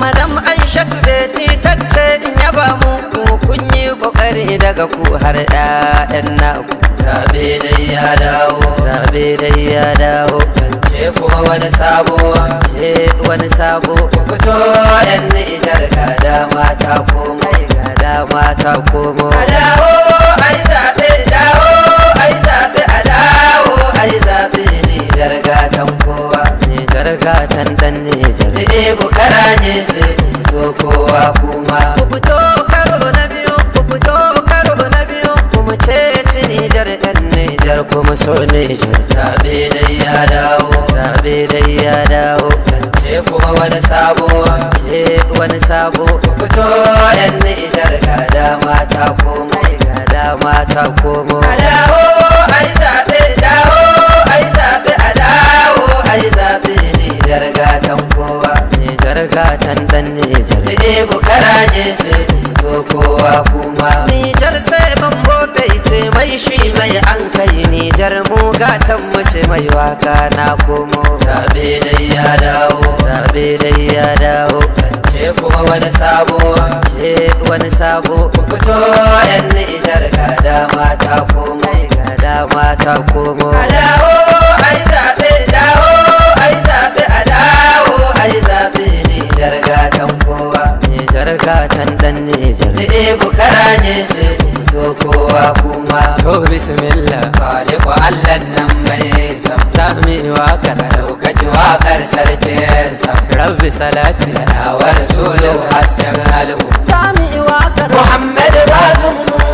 madam aisha ti tacce in yaba mu kun yi kokari daga ku har 'ya'yan naku zaɓe dai ya dawo zaɓe dai ya dawo zance kuma wani sabo ce wani sabo ku fito yan nijar ga dama ta komo ga dama ta komo a dawo ai zabe dawo ai zaɓe. a dawo ai ni nijar ga kowa tan dan Nijar. Jiɗe bukara ne ce, fito kowa kuma. Ku fito karo na biyu, ku fito karo na biyu, kuma ce ci jar dan Nijar kuma so Nijar. Zaɓe dai ya dawo, zaɓe dai ya dawo. Zance kuma wani sabo, ce wani sabo. Ku fito ne jar ga dama ta komo, ga dama ta komo. A ho ai zaɓe. mace mai waka na komo zabe dai ya dawo zabe dai ya dawo zance kuma wani sabo ce wani sabo ku fito yan nijar ga dama ta komo ga dama ta komo a dawo ai zabe dawo ai zabe a dawo ai zabe nijar ga tan kowa nijar ga tan dan nijar sai bukara ne sai so kowa kuma to bismillah khaliqu allah nan mai sam sami wakar daukaci wakar sarkin sam rabbi salati da awar sulu hasken al'u sami wakar muhammad bazum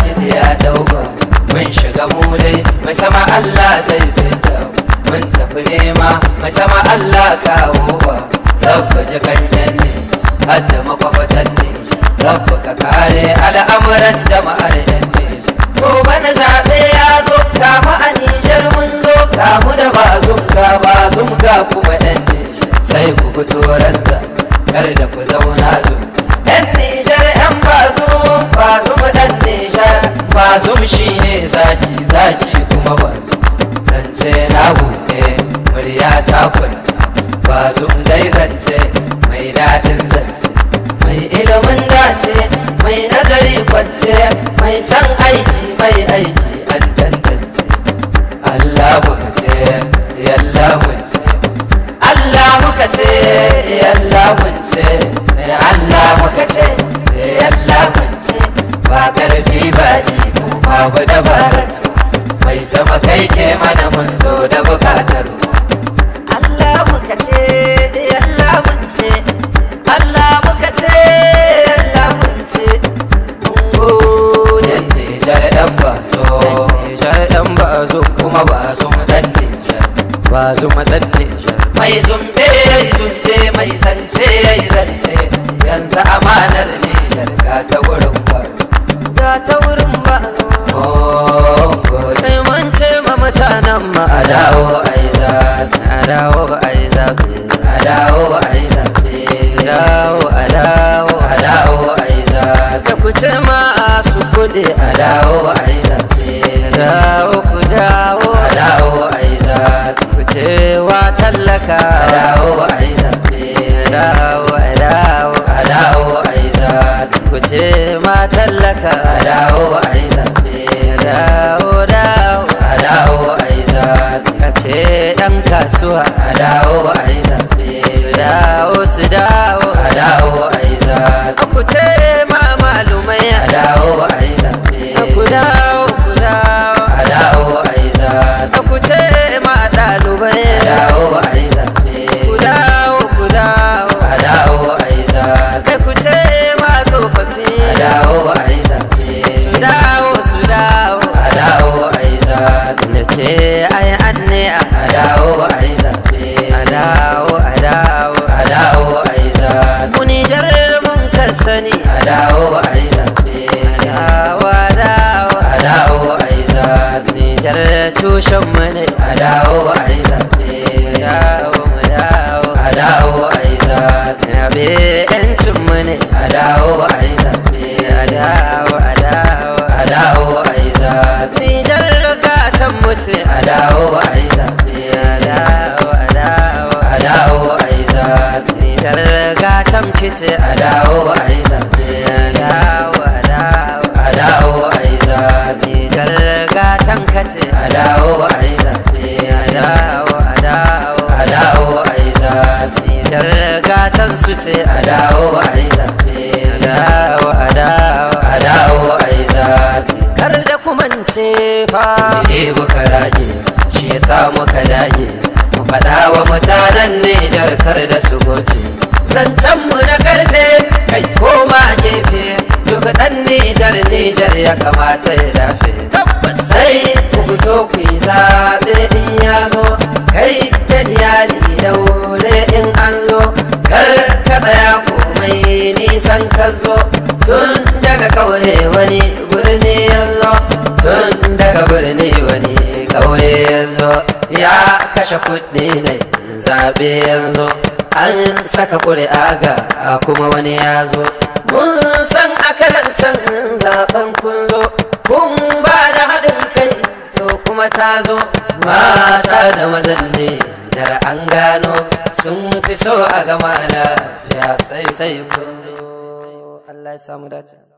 mai sama Allah zai fita mun tafi nema mai sama Allah kawo ba rabba jikan nan ne hadda makwafatan ne rabba ka kare al'amuran jama'ar yan ne to bana zaɓe ya zo kama a Nijar mun zo kamu da ba ka ba ka kuma yan ne sai ku fito ranza kar da ku zauna zuwa. mun dace mai nazari kwance mai san aiki mai aiki an dandance Allah muka ce yalla mun ce Allah muka ce yalla mun ce Allah muka ce yalla mun ce ba karfi ba iko ba dabarar mai sama kai ke mana mun zo da bukatar ɗazu matsar Mai zumbe zumbe mai zance zance yanzu amanar Nijar ga ta wurin ba. Ga ta wurin ba. Oh, Kai mun ce ma mutanen ma a dawo a yi zaɓe. A dawo a yi zaɓe. A dawo a yi zaɓe. A dawo a dawo. A dawo a yi Da kuce ma a su kuɗi a dawo a yi zaɓe. Dawo ku dawo. A dawo a cewa tallaka dawo a yi zaɓe dawo a dawo a dawo a yi zaɓe ku ce ma tallaka dawo a yi zaɓe dawo dawo a dawo a yi zaɓe ka ce ɗan kasuwa a dawo a yi zaɓe su dawo su dawo a dawo a yi zaɓe ku ce ma malumai a dawo a yi zaɓe ku dawo ku dawo a dawo a yi zaɓe kalube dawo ai zabe ku dawo ku dawo a dawo ce ma tsofaffi a dawo ai zabe su dawo su dawo a dawo ai ce ai anne a dawo ai zabe a adawo. a dawo a dawo ai zabe adawo ni jar mun adawo. a dawo ai zabe a dawo a a a dawo a yi zaɓe na be yancin mu ne a dawo a yi zaɓe a dawo a dawo a dawo a yi zaɓe nijar rukatan mu ce a dawo a yi zaɓe a dawo a dawo a dawo a zaɓe nijar rukatan ki ce a dawo a yi zaɓe a dawo a dawo a dawo a zaɓe nijar rukatan ka ce a dawo a yi zaɓe su ce a dawo a yi zaɓe dawo a yi zaɓe kar da kumance fa ne buka rage shi ya samu ka mu faɗa wa mutanen Nijar kar da su goce zancen mu na karfe kai koma gefe duk ɗan Nijar Nijar ya kamata ya dafe sai ku fito ku yi zaɓe in ya zo kai da iyali da can ka zo tun daga kauye wani birni ya zo tun daga birni wani kauye ya zo ya kashe kuɗi ne zaɓe ya zo an saka ƙuri'a ga kuma wani ya zo mun san a akalancan zaɓen kullo kun ba da haɗin kai to kuma ta zo mata da mazan ne dar an gano sun fi so a gama ya sai sai Allah ya samu dace